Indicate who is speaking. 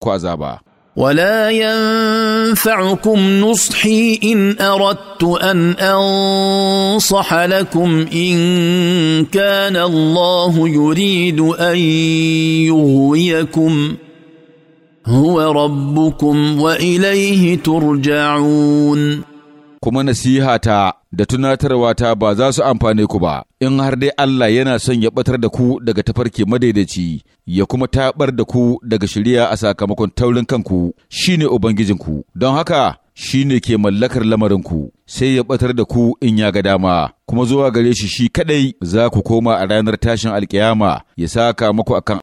Speaker 1: ko
Speaker 2: ولا ينفعكم نصحي ان اردت ان انصح لكم ان كان الله يريد ان يغويكم هو ربكم واليه ترجعون
Speaker 3: نسيها تا da tunatarwata ba za su amfane ku ba, in har dai Allah yana son ya ɓatar da ku daga tafarki madaidaici, ya kuma taɓar da ku daga shirya a sakamakon taurin kanku shi ne Ubangijinku, don haka shi ne ke mallakar lamarinku, sai ya ɓatar da ku in ya ga dama, kuma zuwa gare shi shi kaɗai za ku koma a ranar tashin alkiyama ya saka maku akan